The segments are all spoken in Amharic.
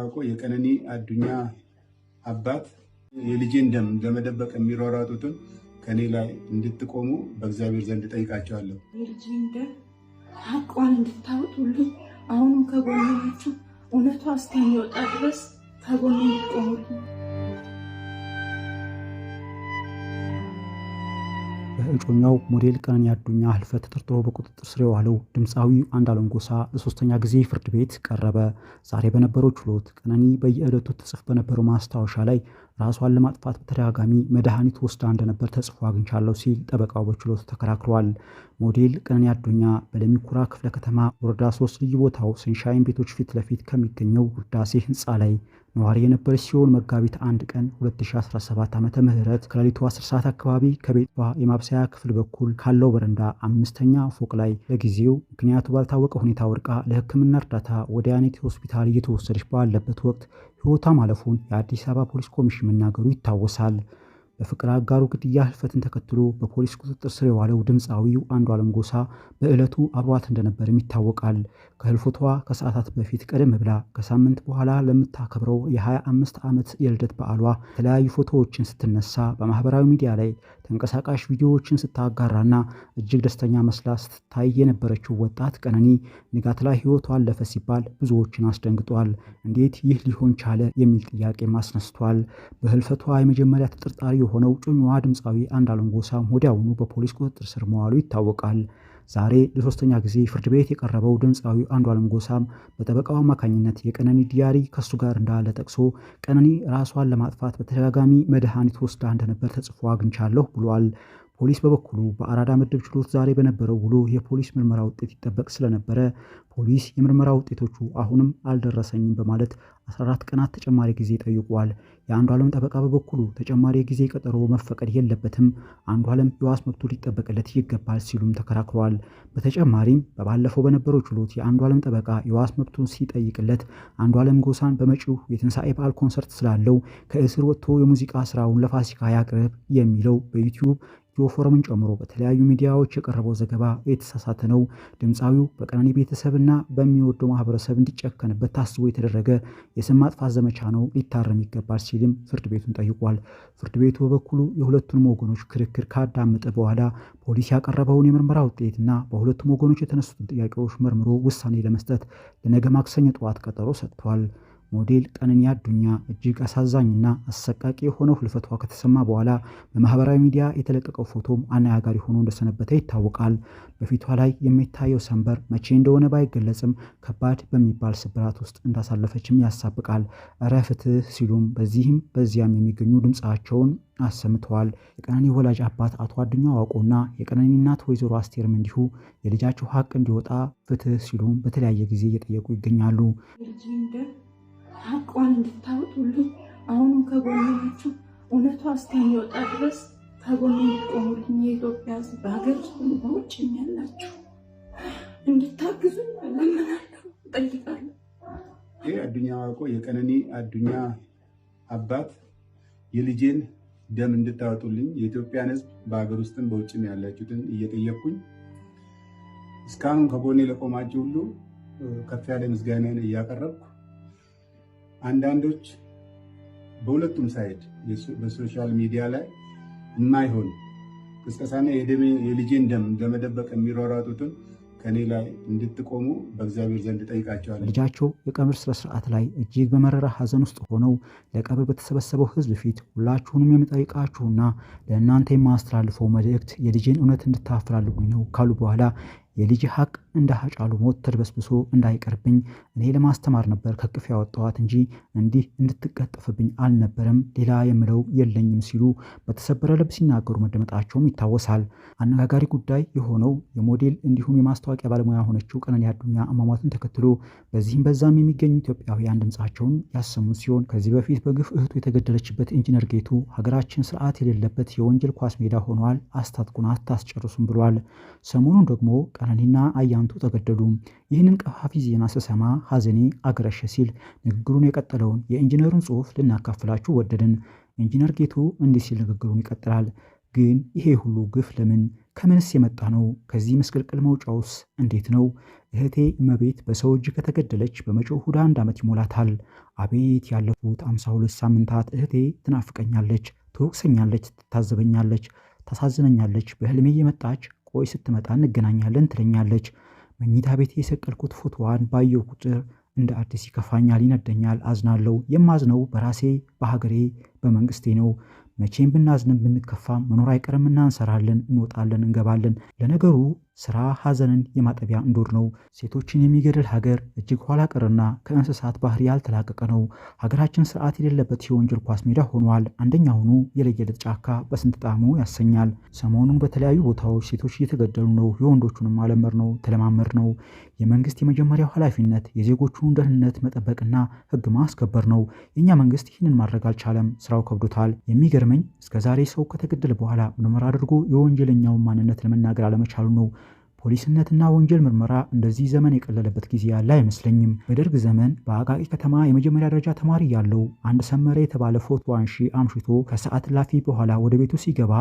እንደሚታወቀ የቀነኒ አዱኛ አባት የልጄን ደም ለመደበቅ የሚሯሯጡትን ከኔ ላይ እንድትቆሙ በእግዚአብሔር ዘንድ ጠይቃቸዋለሁ። የልጄን ደም ሐቋን እንድታወጡልኝ አሁንም ከጎናችሁ እውነቷ እስከሚወጣ ድረስ ከጎኔ እንድትቆሙልኝ እጮኛው ሞዴል ቀነኒ አዱኛ ህልፈት ተጠርጥሮ በቁጥጥር ስር የዋለው ድምፃዊ አንድ ጎሳ ለሶስተኛ ጊዜ ፍርድ ቤት ቀረበ። ዛሬ በነበረው ችሎት ቀነኒ በየዕለቱ ትጽፍ በነበረው ማስታወሻ ላይ ራሷን ለማጥፋት በተደጋጋሚ መድኃኒት ወስዳ እንደነበር ተጽፎ አግኝቻለሁ ሲል ጠበቃው በችሎት ተከራክሯል። ሞዴል ቀነኒ አዱኛ በለሚኩራ ክፍለ ከተማ ወረዳ ሶስት ልዩ ቦታው ሰንሻይን ቤቶች ፊት ለፊት ከሚገኘው ውዳሴ ህንፃ ላይ ነዋሪ የነበረች ሲሆን መጋቢት አንድ ቀን 2017 ዓ ም ከሌሊቱ 10 ሰዓት አካባቢ ከቤቷ የማብሰያ ክፍል በኩል ካለው በረንዳ አምስተኛ ፎቅ ላይ ለጊዜው ምክንያቱ ባልታወቀ ሁኔታ ወድቃ ለሕክምና እርዳታ ወደ ያኔት ሆስፒታል እየተወሰደች ባለበት ወቅት ሕይወቷ ማለፉን የአዲስ አበባ ፖሊስ ኮሚሽን መናገሩ ይታወሳል። በፍቅር አጋሩ ግድያ ህልፈትን ተከትሎ በፖሊስ ቁጥጥር ስር የዋለው ድምፃዊው አንዷለም ጎሳ በዕለቱ አብሯት እንደነበርም ይታወቃል። ከህልፈቷ ከሰዓታት በፊት ቀደም ብላ ከሳምንት በኋላ ለምታከብረው የ25 ዓመት የልደት በዓሏ የተለያዩ ፎቶዎችን ስትነሳ በማህበራዊ ሚዲያ ላይ ተንቀሳቃሽ ቪዲዮዎችን ስታጋራና እጅግ ደስተኛ መስላ ስትታይ የነበረችው ወጣት ቀነኒ ንጋት ላይ ህይወቷ አለፈ ሲባል ብዙዎችን አስደንግጧል። እንዴት ይህ ሊሆን ቻለ የሚል ጥያቄም አስነስቷል። በህልፈቷ የመጀመሪያ ተጠርጣሪ የሆነው ጩኛዋ ድምፃዊ አንዷለም ጎሳም ወዲያውኑ በፖሊስ ቁጥጥር ስር መዋሉ ይታወቃል። ዛሬ ለሶስተኛ ጊዜ ፍርድ ቤት የቀረበው ድምፃዊ አንዷለም ጎሳም በጠበቃው አማካኝነት የቀነኒ ዲያሪ ከሱ ጋር እንዳለ ጠቅሶ ቀነኒ ራሷን ለማጥፋት በተደጋጋሚ መድኃኒት ወስዳ እንደነበር ተጽፎ አግኝቻለሁ ብሏል። ፖሊስ በበኩሉ በአራዳ ምድብ ችሎት ዛሬ በነበረው ውሎ የፖሊስ ምርመራ ውጤት ይጠበቅ ስለነበረ ፖሊስ የምርመራ ውጤቶቹ አሁንም አልደረሰኝም በማለት 14 ቀናት ተጨማሪ ጊዜ ጠይቋል። የአንዱ ዓለም ጠበቃ በበኩሉ ተጨማሪ ጊዜ ቀጠሮ መፈቀድ የለበትም፣ አንዱ ዓለም የዋስ መብቱ ሊጠበቅለት ይገባል ሲሉም ተከራክረዋል። በተጨማሪም በባለፈው በነበረው ችሎት የአንዱ ዓለም ጠበቃ የዋስ መብቱን ሲጠይቅለት አንዱ ዓለም ጎሳን በመጪው የትንሣኤ በዓል ኮንሰርት ስላለው ከእስር ወጥቶ የሙዚቃ ስራውን ለፋሲካ ያቅርብ የሚለው በዩቲዩብ ፎረምን ጨምሮ በተለያዩ ሚዲያዎች የቀረበው ዘገባ የተሳሳተ ነው፣ ድምፃዊው በቀነኒ ቤተሰብና በሚወደው ማህበረሰብ እንዲጨከንበት ታስቦ የተደረገ የስም ማጥፋት ዘመቻ ነው፣ ሊታረም ይገባል ሲልም ፍርድ ቤቱን ጠይቋል። ፍርድ ቤቱ በበኩሉ የሁለቱንም ወገኖች ክርክር ካዳመጠ በኋላ ፖሊስ ያቀረበውን የምርመራ ውጤትና በሁለቱም ወገኖች የተነሱትን ጥያቄዎች መርምሮ ውሳኔ ለመስጠት ለነገ ማክሰኞ ጠዋት ቀጠሮ ሰጥቷል። ሞዴል ቀነኒ አዱኛ እጅግ አሳዛኝና አሰቃቂ የሆነው ህልፈቷ ከተሰማ በኋላ በማህበራዊ ሚዲያ የተለቀቀው ፎቶም አነጋጋሪ ሆኖ እንደሰነበተ ይታወቃል። በፊቷ ላይ የሚታየው ሰንበር መቼ እንደሆነ ባይገለጽም ከባድ በሚባል ስብራት ውስጥ እንዳሳለፈችም ያሳብቃል። እረ ፍትህ ሲሉም በዚህም በዚያም የሚገኙ ድምፃቸውን አሰምተዋል። የቀነኒ ወላጅ አባት አቶ አዱኛ ዋቆና የቀነኒ እናት ወይዘሮ አስቴርም እንዲሁ የልጃቸው ሀቅ እንዲወጣ ፍትህ ሲሉም በተለያየ ጊዜ እየጠየቁ ይገኛሉ። ሀቋን እንድታወጡልኝ ሁሉም አሁንም ከጎኔ ናችሁ። እውነቷ እስከሚወጣ ድረስ ከጎኔ እንድትቆሙልኝ የኢትዮጵያ ሕዝብ በሀገር ውስጥ በውጭ ያላችሁ እንድታግዙ ለምናለሁ፣ እጠይቃለሁ። ይህ አዱኛ ዋቆ የቀነኒ አዱኛ አባት የልጄን ደም እንድታወጡልኝ የኢትዮጵያን ሕዝብ በሀገር ውስጥም በውጭም ያላችሁትን እየጠየቅኩኝ እስካሁን ከጎኔ ለቆማችሁ ሁሉ ከፍ ያለ ምስጋናን እያቀረብኩ አንዳንዶች በሁለቱም ሳይድ በሶሻል ሚዲያ ላይ የማይሆን ቅስቀሳና የልጄን ደም ለመደበቅ የሚሯሯጡትን ከኔ ላይ እንድትቆሙ በእግዚአብሔር ዘንድ ጠይቃቸዋል። ልጃቸው የቀብር ስነስርዓት ላይ እጅግ በመረራ ሐዘን ውስጥ ሆነው ለቀብር በተሰበሰበው ሕዝብ ፊት ሁላችሁንም የምጠይቃችሁና ለእናንተ የማስተላልፈው መልእክት የልጄን እውነት እንድታፈላልጉኝ ነው ካሉ በኋላ የልጅ ሀቅ እንደ ሀጫሉ ሞት ተድበስብሶ እንዳይቀርብኝ እኔ ለማስተማር ነበር ከቅፍ ያወጣኋት እንጂ እንዲህ እንድትቀጠፍብኝ አልነበረም። ሌላ የምለው የለኝም ሲሉ በተሰበረ ልብ ሲናገሩ መደመጣቸውም ይታወሳል። አነጋጋሪ ጉዳይ የሆነው የሞዴል እንዲሁም የማስታወቂያ ባለሙያ ሆነችው ቀነኒ አዱኛ አሟሟትን ተከትሎ በዚህም በዛም የሚገኙ ኢትዮጵያውያን ድምፃቸውን ያሰሙ ሲሆን ከዚህ በፊት በግፍ እህቱ የተገደለችበት ኢንጂነር ጌቱ ሀገራችን ስርዓት የሌለበት የወንጀል ኳስ ሜዳ ሆኗል፣ አስታጥቁን አታስጨርሱም ብሏል። ሰሞኑን ደግሞ ቀነኒና አያ ፕሬዚዳንቱ ተገደሉ። ይህንን ቀፋፊ ዜና ስሰማ ሐዘኔ አገረሸ ሲል ንግግሩን የቀጠለውን የኢንጂነሩን ጽሑፍ ልናካፍላችሁ ወደድን። ኢንጂነር ጌቱ እንዲህ ሲል ንግግሩን ይቀጥላል። ግን ይሄ ሁሉ ግፍ ለምን? ከምንስ የመጣ ነው? ከዚህ ምስቅልቅል መውጫውስ እንዴት ነው? እህቴ እመቤት በሰው እጅ ከተገደለች በመጪው እሑድ አንድ ዓመት ይሞላታል። አቤት ያለፉት አምሳ ሁለት ሳምንታት እህቴ ትናፍቀኛለች፣ ትወቅሰኛለች፣ ትታዘበኛለች፣ ታሳዝነኛለች። በህልሜ የመጣች ቆይ ስትመጣ እንገናኛለን ትለኛለች። መኝታ ቤቴ የሰቀልኩት ፎቶዋን ባየው ቁጥር እንደ አዲስ ይከፋኛል፣ ይነደኛል፣ አዝናለሁ። የማዝነው በራሴ በሀገሬ በመንግስቴ ነው። መቼም ብናዝንም ብንከፋም መኖር አይቀርምና እንሰራለን፣ እንወጣለን፣ እንገባለን። ለነገሩ ስራ ሀዘንን የማጠቢያ እንዶድ ነው። ሴቶችን የሚገድል ሀገር እጅግ ኋላ ቀርና ከእንስሳት ባህሪ ያልተላቀቀ ነው። ሀገራችን ስርዓት የሌለበት የወንጀል ኳስ ሜዳ ሆኗል። አንደኛ ሆኑ የለየለት ጫካ በስንት ጣዕሙ ያሰኛል። ሰሞኑን በተለያዩ ቦታዎች ሴቶች እየተገደሉ ነው። የወንዶቹንም አለመር ነው ተለማመድ ነው። የመንግስት የመጀመሪያው ኃላፊነት የዜጎቹን ደህንነት መጠበቅና ህግ ማስከበር ነው። የእኛ መንግስት ይህንን ማድረግ አልቻለም። ስራው ከብዶታል። የሚገርመኝ እስከዛሬ ሰው ከተገደለ በኋላ ምርመራ አድርጎ የወንጀለኛውን ማንነት ለመናገር አለመቻሉ ነው። ፖሊስነትና ወንጀል ምርመራ እንደዚህ ዘመን የቀለለበት ጊዜ ያለ አይመስለኝም። በደርግ ዘመን በአቃቂ ከተማ የመጀመሪያ ደረጃ ተማሪ ያለው አንድ ሰመረ የተባለ ፎቶ አንሺ አምሽቶ ከሰዓት ላፊ በኋላ ወደ ቤቱ ሲገባ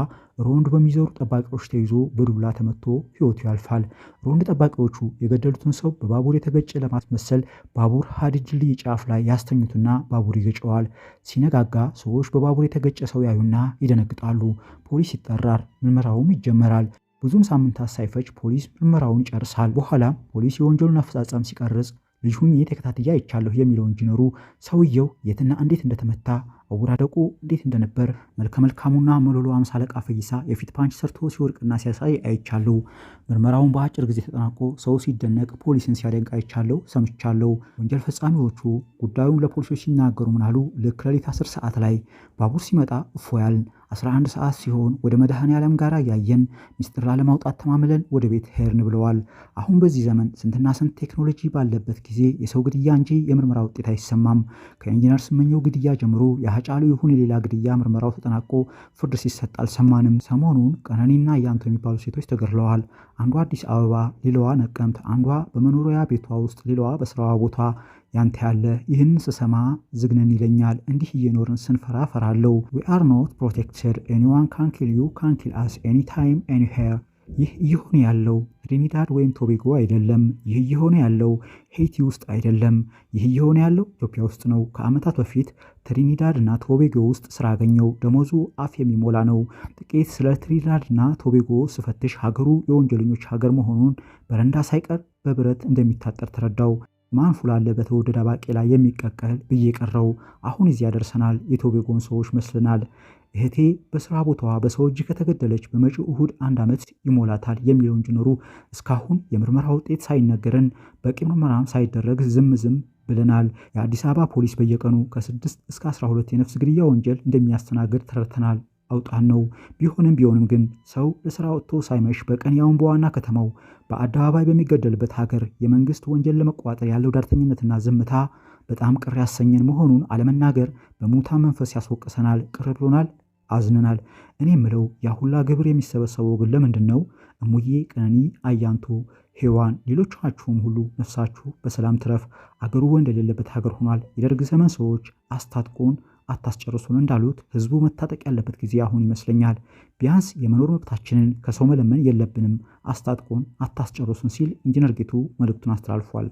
ሮንድ በሚዞሩ ጠባቂዎች ተይዞ በዱላ ተመቶ ሕይወቱ ያልፋል። ሮንድ ጠባቂዎቹ የገደሉትን ሰው በባቡር የተገጨ ለማስመሰል ባቡር ሀዲድ ልይ ጫፍ ላይ ያስተኙትና ባቡር ይገጨዋል። ሲነጋጋ ሰዎች በባቡር የተገጨ ሰው ያዩና ይደነግጣሉ። ፖሊስ ይጠራል። ምርመራውም ይጀመራል። ብዙም ሳምንታት ሳይፈጅ ፖሊስ ምርመራውን ጨርሳል። በኋላም ፖሊስ የወንጀሉን አፈጻጸም ሲቀርጽ ልጅ ሁኜ ተከታትዬ አይቻለሁ የሚለው ኢንጂነሩ ሰውየው የትና እንዴት እንደተመታ አወዳደቁ እንዴት እንደነበር መልከ መልካሙና መሎሎ አምሳ አለቃ ፈይሳ የፊት ፓንች ሰርቶ ሲወድቅና ሲያሳይ አይቻለሁ። ምርመራውን በአጭር ጊዜ ተጠናቆ ሰው ሲደነቅ ፖሊስን ሲያደንቅ አይቻለሁ፣ ሰምቻለሁ። ወንጀል ፈጻሚዎቹ ጉዳዩን ለፖሊሶች ሲናገሩ ምናሉ ልክ ሌሊት አስር ሰዓት ላይ ባቡር ሲመጣ እፎያል 11 ሰዓት ሲሆን ወደ መድኃኔ ዓለም ጋር ያየን ሚስጥር ላለማውጣት ተማምለን ወደ ቤት ሄርን ብለዋል። አሁን በዚህ ዘመን ስንትና ስንት ቴክኖሎጂ ባለበት ጊዜ የሰው ግድያ እንጂ የምርመራ ውጤት አይሰማም። ከኢንጂነር ስመኘው ግድያ ጀምሮ የሀጫሉ ይሁን የሌላ ግድያ ምርመራው ተጠናቆ ፍርድ ሲሰጥ አልሰማንም። ሰሞኑን ቀነኒና ያንቱ የሚባሉ ሴቶች ተገድለዋል። አንዷ አዲስ አበባ፣ ሌላዋ ነቀምት፣ አንዷ በመኖሪያ ቤቷ ውስጥ፣ ሌላዋ በስራዋ ቦታ ያንተ ያለ ይህን ስሰማ ዝግነን ይለኛል። እንዲህ እየኖርን ስንፈራ ፈራለው። ዊ አር ኖት ፕሮቴክትድ ኤኒዋን ካንኪል ዩ ካንኪል አስ ኤኒታይም ሄር ይህ እየሆነ ያለው ትሪኒዳድ ወይም ቶቤጎ አይደለም። ይህ እየሆነ ያለው ሄይቲ ውስጥ አይደለም። ይህ እየሆነ ያለው ኢትዮጵያ ውስጥ ነው። ከዓመታት በፊት ትሪኒዳድ እና ቶቤጎ ውስጥ ስራ አገኘው። ደሞዙ አፍ የሚሞላ ነው። ጥቂት ስለ ትሪኒዳድ እና ቶቤጎ ስፈትሽ ሀገሩ የወንጀለኞች ሀገር መሆኑን በረንዳ ሳይቀር በብረት እንደሚታጠር ተረዳው። ማንፉል አለ በተወደደ ባቄላ የሚቀቀል ብዬ ቀረው። አሁን እዚያ ደርሰናል። የቶቤጎን ሰዎች መስለናል። እህቴ በስራ ቦታዋ በሰው እጅ ከተገደለች በመጪው እሁድ አንድ ዓመት ይሞላታል የሚለው ኢንጂነሩ እስካሁን የምርመራ ውጤት ሳይነገረን በቂ ምርመራም ሳይደረግ ዝም ዝም ብለናል። የአዲስ አበባ ፖሊስ በየቀኑ ከ6 እስከ 12 የነፍስ ግድያ ወንጀል እንደሚያስተናግድ ተረድተናል። አውጣን ነው። ቢሆንም ቢሆንም ግን ሰው ለስራ ወጥቶ ሳይመሽ በቀን ያውን በዋና ከተማው በአደባባይ በሚገደልበት ሀገር የመንግስት ወንጀል ለመቋጠር ያለው ዳርተኝነትና ዝምታ በጣም ቅር ያሰኘን መሆኑን አለመናገር በሙታ መንፈስ ያስወቅሰናል፣ ቅር ብሎናል፣ አዝነናል። እኔ ምለው ያሁላ ግብር የሚሰበሰበው ግን ለምንድን ነው? እሙዬ ቀነኒ፣ አያንቱ፣ ሔዋን ሌሎቻችሁም ሁሉ ነፍሳችሁ በሰላም ትረፍ። አገሩ ወንድ የሌለበት ሀገር ሆኗል። የደርግ ዘመን ሰዎች አስታጥቆን አታስጨርሱን እንዳሉት ህዝቡ መታጠቅ ያለበት ጊዜ አሁን ይመስለኛል። ቢያንስ የመኖር መብታችንን ከሰው መለመን የለብንም። አስታጥቁን፣ አታስጨርሱን ሲል ኢንጂነር ጌቱ መልእክቱን አስተላልፏል።